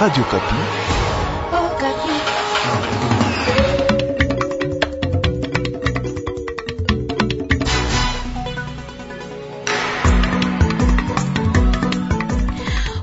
Radio Kapi. Oh, Kapi.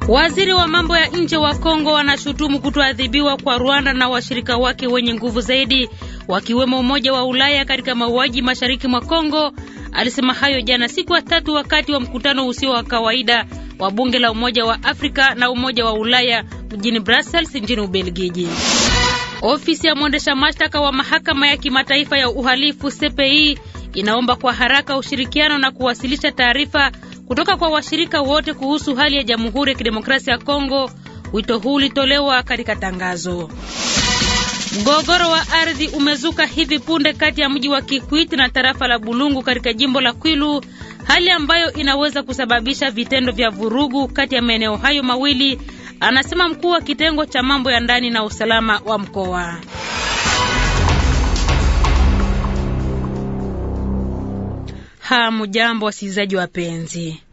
Waziri wa mambo ya nje wa Kongo wanashutumu kutoadhibiwa kwa Rwanda na washirika wake wenye nguvu zaidi wakiwemo Umoja wa Ulaya katika mauaji mashariki mwa Kongo. Alisema hayo jana siku ya tatu wakati wa mkutano usio wa kawaida wa bunge la Umoja wa Afrika na Umoja wa Ulaya mjini Brussels nchini Ubelgiji. Ofisi ya mwendesha mashtaka wa mahakama ya kimataifa ya uhalifu CPI inaomba kwa haraka ushirikiano na kuwasilisha taarifa kutoka kwa washirika wote kuhusu hali ya Jamhuri ya Kidemokrasia ya Kongo. Wito huu ulitolewa katika tangazo. Mgogoro wa ardhi umezuka hivi punde kati ya mji wa Kikwiti na tarafa la Bulungu katika jimbo la Kwilu, hali ambayo inaweza kusababisha vitendo vya vurugu kati ya maeneo hayo mawili anasema mkuu wa kitengo cha mambo ya ndani na usalama wa mkoa. Hamujambo wasikilizaji wapenzi.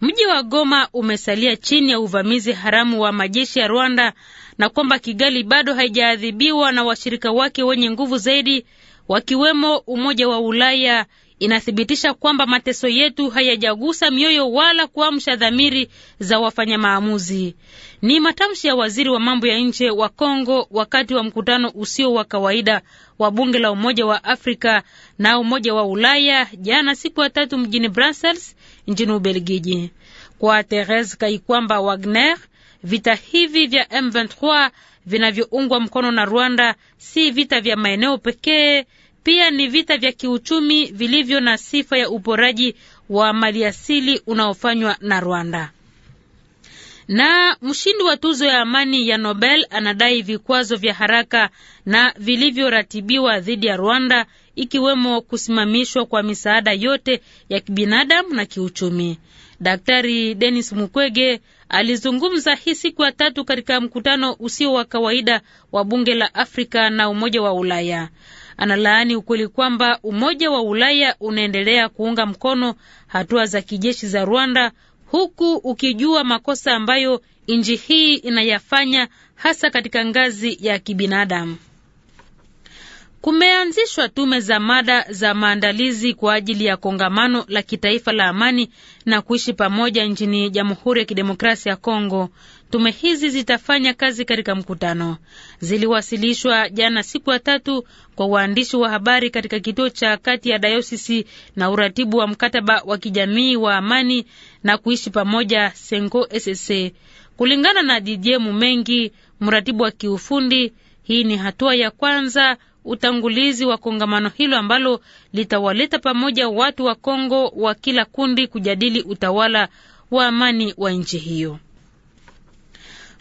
Mji wa Goma umesalia chini ya uvamizi haramu wa majeshi ya Rwanda na kwamba Kigali bado haijaadhibiwa na washirika wake wenye nguvu zaidi wakiwemo Umoja wa Ulaya, inathibitisha kwamba mateso yetu hayajagusa mioyo wala kuamsha dhamiri za wafanya maamuzi. Ni matamshi ya waziri wa mambo ya nje wa Kongo wakati wa mkutano usio wa kawaida wa bunge la Umoja wa Afrika na Umoja wa Ulaya jana siku ya tatu mjini Brussels nchini Ubelgiji. Kwa Therese Kaikwamba Wagner, vita hivi vya M23 vinavyoungwa mkono na Rwanda si vita vya maeneo pekee pia ni vita vya kiuchumi vilivyo na sifa ya uporaji wa maliasili unaofanywa na Rwanda. Na mshindi wa tuzo ya amani ya Nobel anadai vikwazo vya haraka na vilivyoratibiwa dhidi ya Rwanda ikiwemo kusimamishwa kwa misaada yote ya kibinadamu na kiuchumi. Daktari Denis Mukwege alizungumza hii siku ya tatu katika mkutano usio wa kawaida wa bunge la Afrika na Umoja wa Ulaya. Analaani ukweli kwamba Umoja wa Ulaya unaendelea kuunga mkono hatua za kijeshi za Rwanda huku ukijua makosa ambayo nchi hii inayafanya hasa katika ngazi ya kibinadamu. Kumeanzishwa tume za mada za maandalizi kwa ajili ya kongamano la kitaifa la amani na kuishi pamoja nchini Jamhuri ya Kidemokrasia ya Kongo. Tume hizi zitafanya kazi katika mkutano. Ziliwasilishwa jana siku ya tatu kwa waandishi wa habari katika kituo cha kati ya dayosisi na uratibu wa mkataba wa kijamii wa amani na kuishi pamoja Sengo SSA. Kulingana na Didie Mumengi, mratibu wa kiufundi, hii ni hatua ya kwanza utangulizi wa kongamano hilo ambalo litawaleta pamoja watu wa Kongo wa kila kundi kujadili utawala wa amani wa nchi hiyo.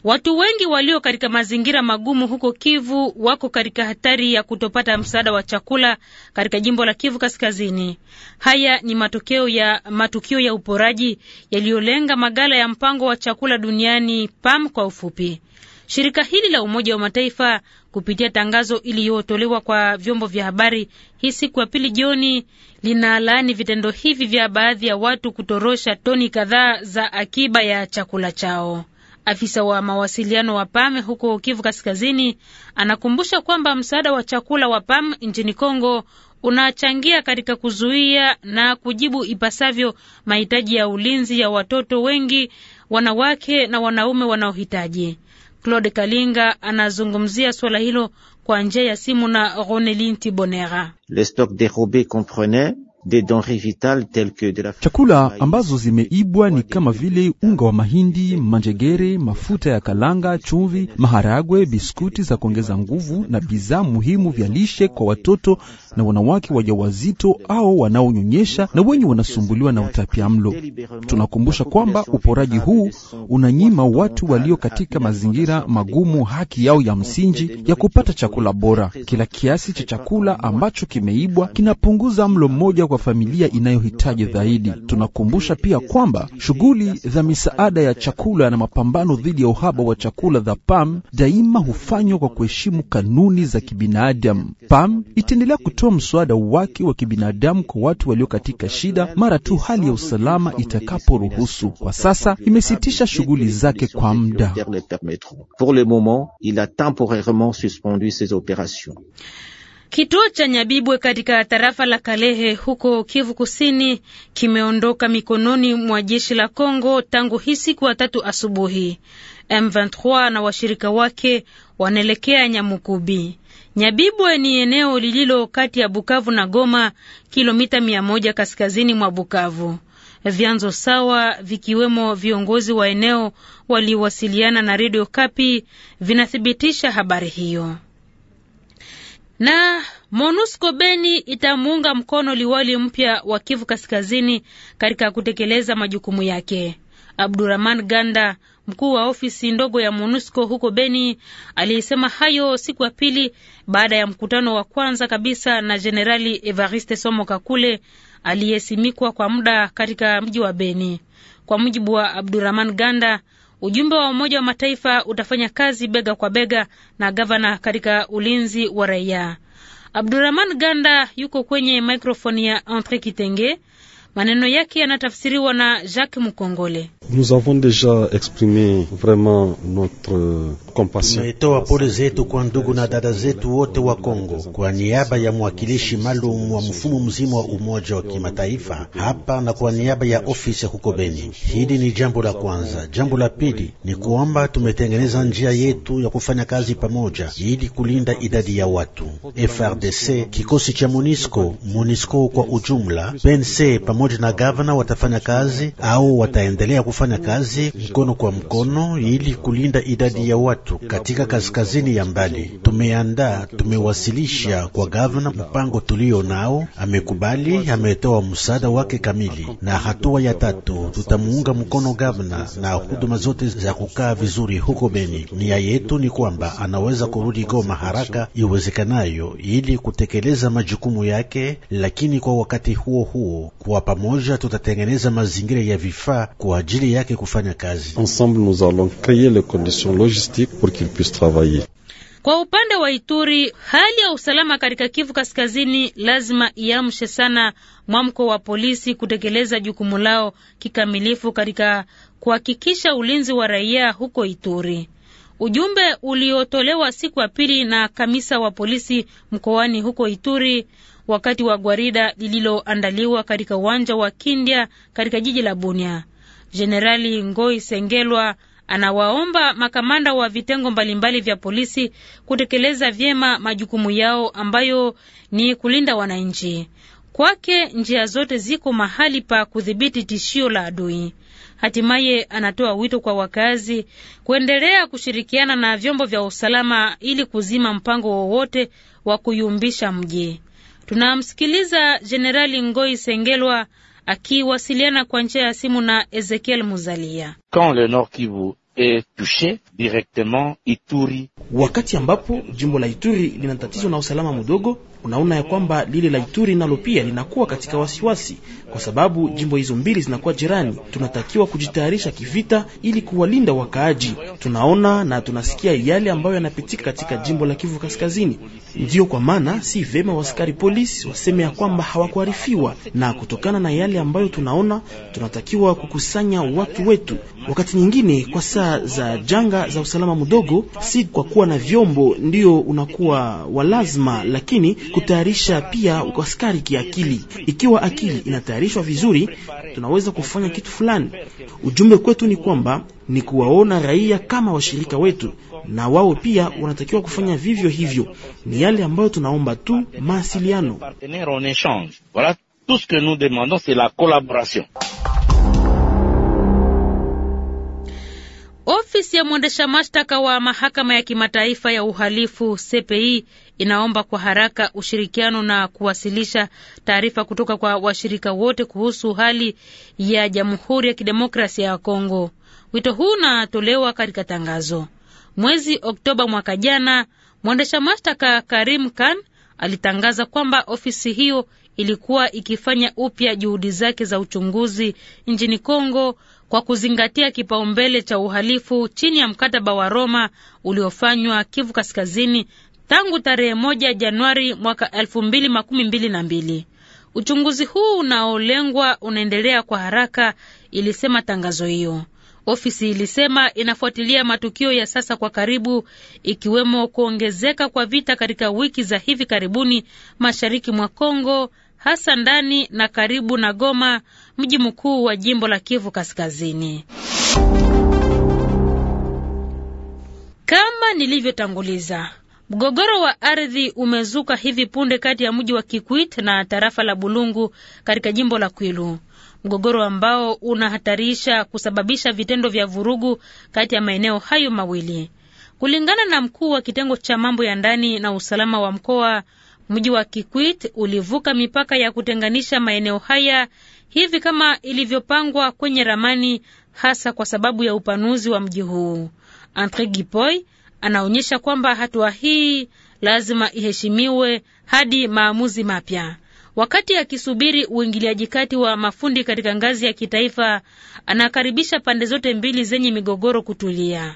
Watu wengi walio katika mazingira magumu huko Kivu wako katika hatari ya kutopata msaada wa chakula katika jimbo la Kivu Kaskazini. Haya ni matokeo ya matukio ya uporaji yaliyolenga magala ya mpango wa chakula duniani PAM kwa ufupi. Shirika hili la Umoja wa Mataifa kupitia tangazo iliyotolewa kwa vyombo vya habari hii siku ya pili jioni linalaani vitendo hivi vya baadhi ya watu kutorosha toni kadhaa za akiba ya chakula chao. Afisa wa mawasiliano wa PAM huko Kivu Kaskazini anakumbusha kwamba msaada wa chakula wa PAM nchini Kongo unachangia katika kuzuia na kujibu ipasavyo mahitaji ya ulinzi ya watoto wengi, wanawake na wanaume wanaohitaji. Claude Kalinga anazungumzia suala hilo kwa njia ya simu na Ronelin Tibonera. Le stock dérobé comprenait Chakula ambazo zimeibwa ni kama vile unga wa mahindi, manjegere, mafuta ya kalanga, chumvi, maharagwe, biskuti za kuongeza nguvu na bidhaa muhimu vya lishe kwa watoto na wanawake wajawazito au wanaonyonyesha na wenye wanasumbuliwa na utapiamlo. Tunakumbusha kwamba uporaji huu unanyima watu walio katika mazingira magumu haki yao ya msingi ya kupata chakula bora. Kila kiasi cha chakula ambacho kimeibwa kinapunguza mlo mmoja kwa kwa familia inayohitaji zaidi. Tunakumbusha pia kwamba shughuli za misaada ya chakula na mapambano dhidi ya uhaba wa chakula za PAM daima hufanywa kwa kuheshimu kanuni za kibinadamu. PAM itaendelea kutoa msaada wake wa kibinadamu kwa watu walio katika shida mara tu hali ya usalama itakaporuhusu. Kwa sasa imesitisha shughuli zake kwa muda. Pour le moment, il a temporairement suspendu ses opérations. Kituo cha Nyabibwe katika tarafa la Kalehe huko Kivu Kusini kimeondoka mikononi mwa jeshi la Kongo tangu hii siku ya tatu asubuhi. M23 na washirika wake wanaelekea Nyamukubi. Nyabibwe ni eneo lililo kati ya Bukavu na Goma, kilomita mia moja kaskazini mwa Bukavu. Vyanzo sawa vikiwemo viongozi wa eneo waliowasiliana na redio Kapi vinathibitisha habari hiyo. Na MONUSCO Beni itamuunga mkono liwali mpya wa Kivu Kaskazini katika kutekeleza majukumu yake. Abdurahman Ganda, mkuu wa ofisi ndogo ya MONUSCO huko Beni, aliyesema hayo siku ya pili baada ya mkutano wa kwanza kabisa na Jenerali Evariste Somo Kakule aliyesimikwa kwa muda katika mji wa Beni. Kwa mujibu wa Abdurahman Ganda, Ujumbe wa Umoja wa Mataifa utafanya kazi bega kwa bega na gavana katika ulinzi wa raia. Abdurahman Ganda yuko kwenye mikrofoni ya Entre Kitenge. Maneno yake yanatafsiriwa na Jacques Mukongole. Nous avons déjà exprimé vraiment notre compassion. Tumetoa pole zetu kwa ndugu na dada zetu wote wa Kongo kwa niaba ya mwakilishi maalum wa mfumo mzima wa Umoja wa Kimataifa hapa na kwa niaba ya ofisi ya huko Beni. Hili ni jambo la kwanza. Jambo la pili ni kuomba tumetengeneza njia yetu ya kufanya kazi pamoja ili kulinda idadi ya watu FRDC, kikosi cha MONUSCO, MONUSCO kwa ujumla, pense pamoja pamoja na gavana watafanya kazi au wataendelea kufanya kazi mkono kwa mkono ili kulinda idadi ya watu katika kaskazini ya mbali. Tumeandaa, tumewasilisha kwa gavana mpango tulio nao, amekubali, ametoa msaada wake kamili. Na hatua ya tatu, tutamuunga mkono gavana na huduma zote za kukaa vizuri huko Beni. Nia yetu ni kwamba anaweza kurudi Goma haraka iwezekanayo ili kutekeleza majukumu yake, lakini kwa wakati huo huo kuwapa pamoja tutatengeneza mazingira ya vifaa kwa ajili yake kufanya kazi. Ensemble nous allons créer les conditions logistiques pour qu'il puisse travailler. Kwa upande wa Ituri, hali ya usalama katika Kivu Kaskazini lazima iamshe sana mwamko wa polisi kutekeleza jukumu lao kikamilifu katika kuhakikisha ulinzi wa raia huko Ituri. Ujumbe uliotolewa siku ya pili na kamisa wa polisi mkoani huko Ituri wakati wa gwarida lililoandaliwa katika uwanja wa Kindya katika jiji la Bunia. Jenerali Ngoi Sengelwa anawaomba makamanda wa vitengo mbalimbali vya polisi kutekeleza vyema majukumu yao ambayo ni kulinda wananchi. Kwake njia zote ziko mahali pa kudhibiti tishio la adui. Hatimaye anatoa wito kwa wakazi kuendelea kushirikiana na vyombo vya usalama ili kuzima mpango wowote wa kuyumbisha mji. Tunamsikiliza Jenerali Ngoi Sengelwa akiwasiliana kwa njia ya simu na Ezekiel Muzalia. Quand le Nord Kivu est touché directement Ituri, wakati ambapo jimbo la Ituri lina tatizo na usalama mdogo unaona ya kwamba lile la Ituri nalo pia linakuwa katika wasiwasi, kwa sababu jimbo hizo mbili zinakuwa jirani. Tunatakiwa kujitayarisha kivita ili kuwalinda wakaaji. Tunaona na tunasikia yale ambayo yanapitika katika jimbo la Kivu Kaskazini. Ndiyo kwa maana si vema waskari polisi waseme ya kwamba hawakuarifiwa, na kutokana na yale ambayo tunaona, tunatakiwa kukusanya watu wetu. Wakati nyingine kwa saa za janga za usalama mdogo, si kwa kuwa na vyombo ndiyo unakuwa wa lazima, lakini kutayarisha pia askari kiakili. Ikiwa akili inatayarishwa vizuri, tunaweza kufanya kitu fulani. Ujumbe kwetu ni kwamba ni kuwaona raia kama washirika wetu, na wao pia wanatakiwa kufanya vivyo hivyo. Ni yale ambayo tunaomba tu mawasiliano. Ofisi ya mwendesha mashtaka wa mahakama ya kimataifa ya uhalifu CPI inaomba kwa haraka ushirikiano na kuwasilisha taarifa kutoka kwa washirika wote kuhusu hali ya Jamhuri ya Kidemokrasia ya Kongo. Wito huu unatolewa katika tangazo. Mwezi Oktoba mwaka jana, mwendesha mashtaka Karim Khan alitangaza kwamba ofisi hiyo ilikuwa ikifanya upya juhudi zake za uchunguzi nchini Kongo kwa kuzingatia kipaumbele cha uhalifu chini ya mkataba wa Roma uliofanywa Kivu Kaskazini tangu tarehe moja Januari mwaka elfu mbili makumi mbili na mbili. Uchunguzi huu unaolengwa unaendelea kwa haraka, ilisema tangazo hiyo. Ofisi ilisema inafuatilia matukio ya sasa kwa karibu, ikiwemo kuongezeka kwa vita katika wiki za hivi karibuni mashariki mwa Kongo, hasa ndani na karibu na Goma, mji mkuu wa jimbo la Kivu Kaskazini. Kama nilivyotanguliza Mgogoro wa ardhi umezuka hivi punde kati ya mji wa Kikwit na tarafa la Bulungu katika jimbo la Kwilu, mgogoro ambao unahatarisha kusababisha vitendo vya vurugu kati ya maeneo hayo mawili. Kulingana na mkuu wa kitengo cha mambo ya ndani na usalama wa mkoa, mji wa Kikwit ulivuka mipaka ya kutenganisha maeneo haya hivi kama ilivyopangwa kwenye ramani, hasa kwa sababu ya upanuzi wa mji huu. Andre Gipoy anaonyesha kwamba hatua hii lazima iheshimiwe hadi maamuzi mapya. Wakati akisubiri uingiliaji kati wa mafundi katika ngazi ya kitaifa, anakaribisha pande zote mbili zenye migogoro kutulia.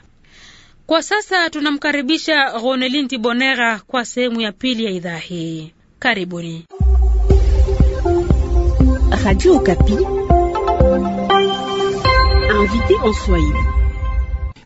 Kwa sasa tunamkaribisha Ronelin Tibonera kwa sehemu ya pili ya idhaa hii. Karibuni Radio Okapi, invité en Swahili.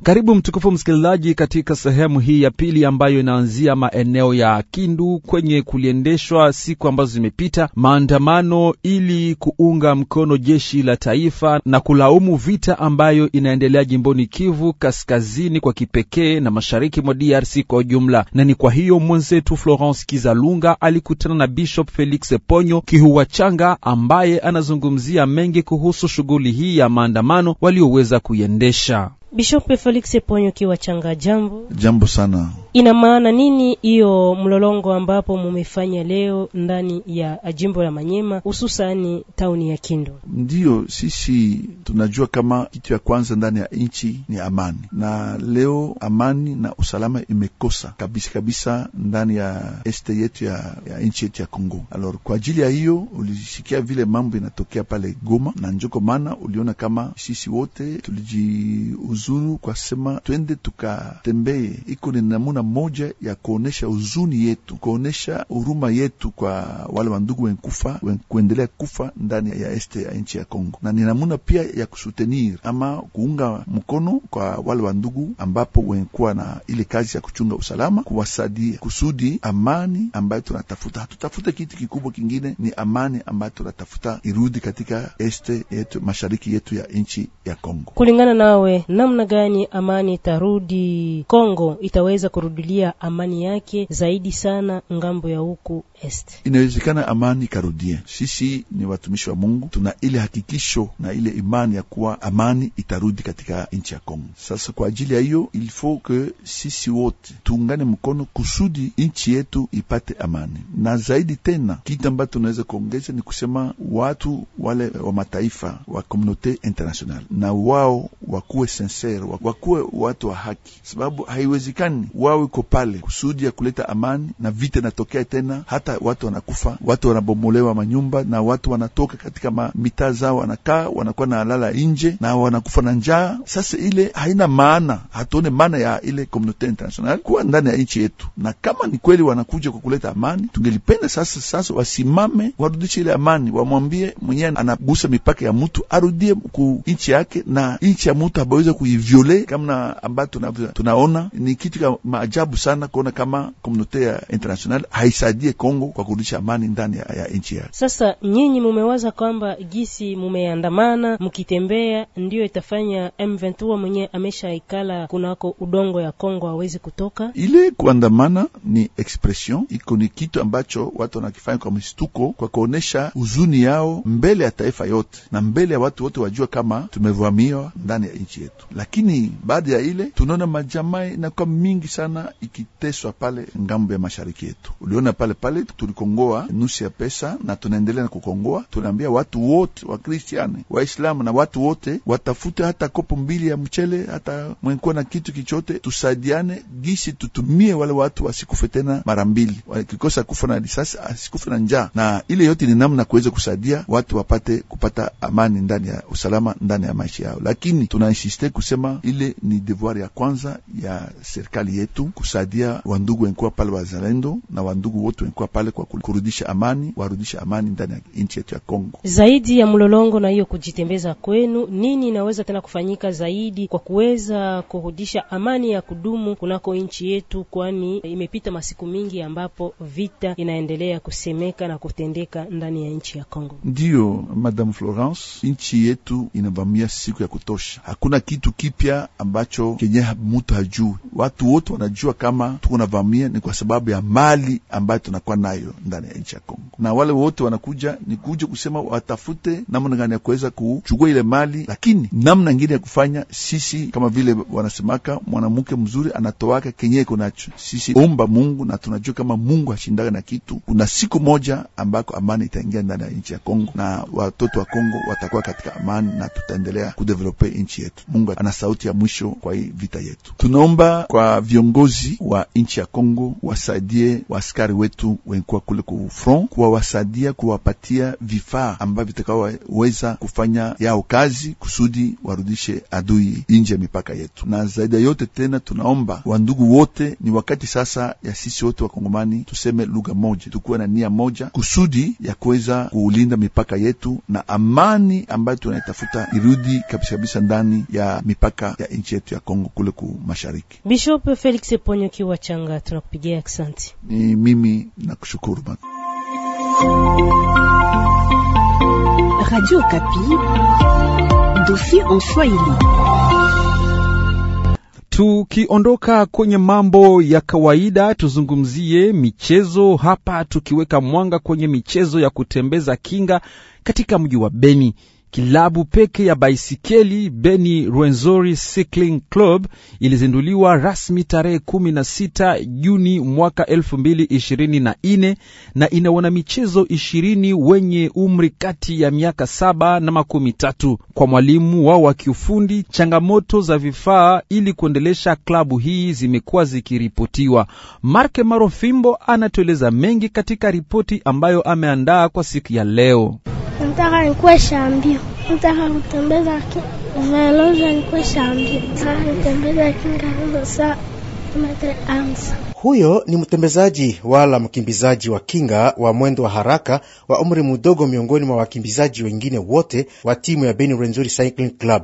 Karibu mtukufu msikilizaji, katika sehemu hii ya pili ambayo inaanzia maeneo ya Kindu kwenye kuliendeshwa siku ambazo zimepita maandamano ili kuunga mkono jeshi la taifa na kulaumu vita ambayo inaendelea jimboni Kivu Kaskazini kwa kipekee na mashariki mwa DRC kwa ujumla. Na ni kwa hiyo mwenzetu Florence Kizalunga alikutana na Bishop Felix Ponyo Changa ambaye anazungumzia mengi kuhusu shughuli hii ya maandamano walioweza kuiendesha. Bishop Felix Ponyo Kiwachanga, jambo jambo sana ina maana nini hiyo mlolongo ambapo mumefanya leo ndani ya jimbo la Manyema, hususani tauni ya Kindu? Ndiyo, sisi tunajua kama kitu ya kwanza ndani ya nchi ni amani, na leo amani na usalama imekosa kabisa kabisa ndani ya este yetu ya, ya nchi yetu ya Kongo. Alors kwa ajili ya hiyo ulisikia vile mambo inatokea pale Goma, na njoko maana uliona kama sisi wote tulijiuzuru kwa sema twende tukatembee iko ni namuna moja ya kuonesha huzuni yetu, kuonesha huruma yetu kwa wale wandugu wenkufa wenkuendelea kufa ndani ya este ya nchi ya Kongo, na ni namuna pia ya kusutenir ama kuunga mkono kwa wale wandugu ambapo wenkuwa na ile kazi ya kuchunga usalama, kuwasadia kusudi amani ambayo tunatafuta. Hatutafute kitu kikubwa kingine, ni amani ambayo tunatafuta irudi katika este yetu, mashariki yetu ya nchi ya Kongo. Kulingana nawe, namna gani amani itarudi Kongo, itaweza kurudi kurudilia amani yake zaidi sana ngambo ya huku est. Inawezekana amani karudie. Sisi ni watumishi wa Mungu, tuna ile hakikisho na ile imani ya kuwa amani itarudi katika nchi ya Kongo. Sasa kwa ajili ya hiyo, il faut que sisi wote tuungane mkono kusudi nchi yetu ipate amani, na zaidi tena kitu ambacho tunaweza kuongeza ni kusema watu wale wa mataifa wa komunote international na wao wakuwe sincere, wakuwe watu wa haki, sababu haiwezekani wawe ko pale kusudi ya kuleta amani na vita inatokea tena, hata watu wanakufa, watu wanabomolewa manyumba na watu wanatoka katika mitaa zao, wanakaa wanakuwa na lala nje na wanakufa na njaa. Sasa ile haina maana, hatuone maana ya ile komunote international kuwa ndani ya nchi yetu, na kama ni kweli wanakuja kwa kuleta amani, tungelipenda sasa sasa wasimame, warudishe ile amani, wamwambie mwenyewe anagusa mipaka ya mtu arudie ku nchi yake na nchi ya mutu abaweza kuiviole kamna ambayo tunaona. Ni kitu ka maajabu sana kuona kama komunote ya international haisaidie Kongo kwa kurudisha amani ndani ya, ya nchi yake. Sasa nyinyi mumewaza kwamba gisi mumeandamana mukitembea ndiyo itafanya M23 mwenye ameshaikala kunako udongo ya Kongo awezi kutoka. Ile kuandamana ni expression iko, ni kitu ambacho watu wanakifanya kwa mshtuko, kwa kuonesha huzuni yao mbele ya taifa yote na mbele ya watu wote, wajua kama tumevamiwa ndani ndani ya nchi yetu, lakini baada ya ile tunaona majamaa inakuwa mingi sana ikiteswa pale ngambo ya mashariki yetu. Uliona pale pale tulikongoa nusu ya pesa na tunaendelea na kukongoa. Tunaambia watu wote Wakristiani, Waislamu na watu wote watafute hata kopo mbili ya mchele, hata mwenkuwa na kitu kichote, tusaidiane gisi tutumie wale watu wasikufe tena mara mbili, wakikosa kufa na risasi asikufe na njaa, na ile yote ni namna kuweza kusaidia watu wapate kupata amani ndani ya usalama ndani ya maisha yao, lakini tunainsiste kusema ile ni devoir ya kwanza ya serikali yetu kusaidia wandugu wenkuwa pale wazalendo na wandugu wote wenkuwa pale kwa kurudisha amani, warudisha amani ndani ya nchi yetu ya Kongo. Zaidi ya mlolongo na hiyo kujitembeza kwenu, nini inaweza tena kufanyika zaidi kwa kuweza kurudisha amani ya kudumu kunako nchi yetu, kwani imepita masiku mingi ambapo vita inaendelea kusemeka na kutendeka ndani ya nchi ya Kongo. Ndiyo, Madame Florence, nchi yetu inavamia siku ya kutosha hakuna kitu kipya ambacho kenye mutu hajui. Watu wote wanajua kama tuko ni kwa sababu ya mali ambayo tunakuwa nayo ndani ya nchi ya Kongo, na wale wote wanakuja ni kuja kusema watafute namna gani ya kuweza kuchukua ile mali, lakini namna ngine ya kufanya. Sisi kama vile wanasemaka mwanamke mzuri anatoaka kenye iko nacho. Sisi omba Mungu na tunajua kama Mungu hashindaka na kitu. Kuna siku moja ambako amani itaingia ndani ya nchi ya Kongo na watoto wa Kongo watakuwa katika amani na tutaendelea kudevelope nchi nchi yetu. Mungu ana sauti ya mwisho kwa hii vita yetu. Tunaomba kwa viongozi wa nchi ya Kongo wasaidie waaskari wetu wenkuwa kule ku front, kuwawasaidia kuwapatia vifaa ambavyo vitakawaweza kufanya yao kazi kusudi warudishe adui nje ya mipaka yetu. Na zaidi ya yote tena, tunaomba wandugu wote, ni wakati sasa ya sisi wote wakongomani tuseme lugha moja, tukuwe na nia moja kusudi ya kuweza kuulinda mipaka yetu na amani ambayo tunaitafuta irudi kabisa kabisa ndani ndani ya mipaka ya nchi yetu ya Kongo kule ku mashariki. Bishop Felix Ponyo kiwa changa, tunakupigia aksanti. Ni mimi nakushukuru bana. Radio Kapi, dosi en Swahili. Tukiondoka kwenye mambo ya kawaida, tuzungumzie michezo hapa, tukiweka mwanga kwenye michezo ya kutembeza kinga katika mji wa Beni. Kilabu peke ya baisikeli Beni Rwenzori Cycling Club ilizinduliwa rasmi tarehe 16 Juni mwaka 2024 na ina wanamichezo ishirini wenye umri kati ya miaka saba na makumi tatu. Kwa mwalimu wao wa kiufundi, changamoto za vifaa ili kuendelesha klabu hii zimekuwa zikiripotiwa. Marke Marofimbo anatueleza mengi katika ripoti ambayo ameandaa kwa siku ya leo. Nataka nataka kutembeza nataka kutembeza kinga huyo ni mtembezaji wala mkimbizaji wa kinga wa mwendo wa haraka wa umri mdogo miongoni mwa wakimbizaji wengine wote wa timu ya Beni Renzori Cycling Club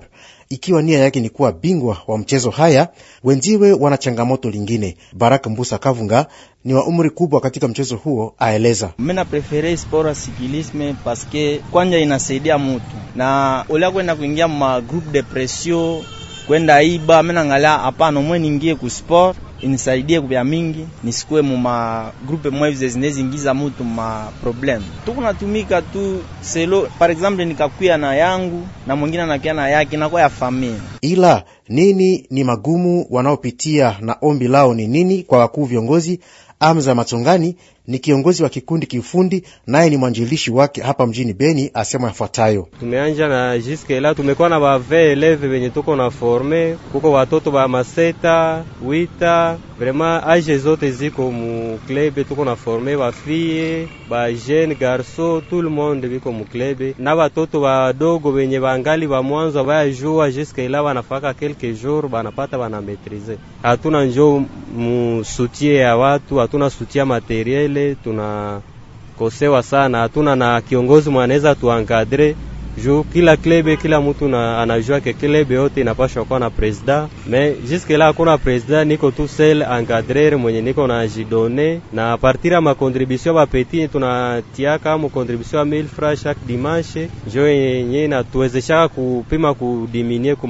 ikiwa nia yake ni kuwa bingwa wa mchezo haya. Wenziwe wana changamoto lingine. barak Mbusa Kavunga ni wa umri kubwa katika mchezo huo, aeleza mina prefere a sikilisme paske kwanja inasaidia mutu na olia kwenda kuingia ma groupe de pression kwenda iba, mina ngala hapana, mwe ningie ku sport inisaidie kuvya mingi nisikue muma grupe mwevize zinezingiza mutu ma problem tukunatumika tu selo par exemple nikakuya na yangu na mwingine anakuya na yake nakuwa ya familia. Ila nini ni magumu wanaopitia na ombi lao ni nini kwa wakuu viongozi? Amza Matongani ni kiongozi wa kikundi kiufundi, naye ni mwanjilishi wake hapa mjini Beni, asema yafuatayo: tumeanja na jiske la tumekuwa na bave eleve venye tuko na forme, kuko watoto ba maseta wita vrema aje zote ziko muklebe, tuko na forme bafie ba jeune garso tout le monde biko muklebe na watoto badogo venye bangali ba mwanzo bayajua jiske la banafaka kelke jour banapata banametrize. Hatuna njo musutie ya watu, hatuna sutia materiele pale tunakosewa sana, hatuna na kiongozi mwanaweza tuankadre juu kila klebe kila mutu na, anajua ke klebe yote inapashwa kuwa na presida me juske la hakuna presida, niko tu sel encadrer mwenye niko na jidone na partir ya makontribution bapeti tunatiaka mu kontribution ya 1000 francs chaque dimanche, njo yenye natuwezeshaka kupima kudiminie ku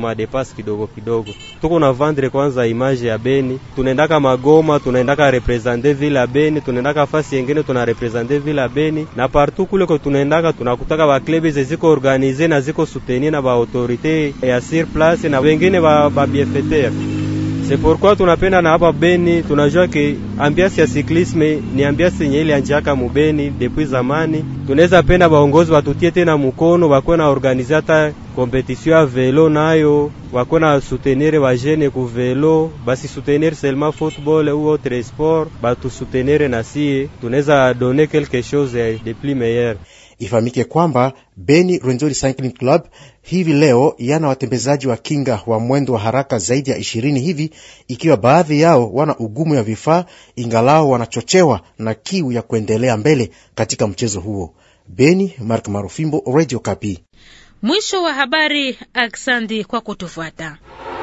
kidogo kidogo. Tuko na vendre kwanza image ya Beni, tunaendaka Magoma, tunaendaka represente vila Beni, tunaendaka fasi yengine tuna represente vila Beni na partout kuleko tunaendaka tunakutaka baklebe zeziko organize na ziko soutenir na baautorite ya sur place na wengine babiefeter ba se pourquoi tunapenda na hapa Beni, tunajua ke ambiasi ya siklisme ni ambiasi yenye ile anjaka mubeni depuis zamani. Tunaweza penda baongozi watutie tena mukono, bakwe na organize hata kompetition ya velo nayo bakwe na soutenir bajene ku velo, basi soutenir seulement football ou autre sport, batu soutenir na sie, tunaweza donner quelque chose de plus meilleur. Ifahamike kwamba Beni Rwenzori Cycling Club hivi leo yana watembezaji wa kinga wa mwendo wa haraka zaidi ya ishirini hivi, ikiwa baadhi yao wana ugumu ya vifaa, ingalao wanachochewa na kiu ya kuendelea mbele katika mchezo huo. Beni, Mark Marufimbo, Radio Kapi. Mwisho wa habari. Aksandi kwa kutufuata.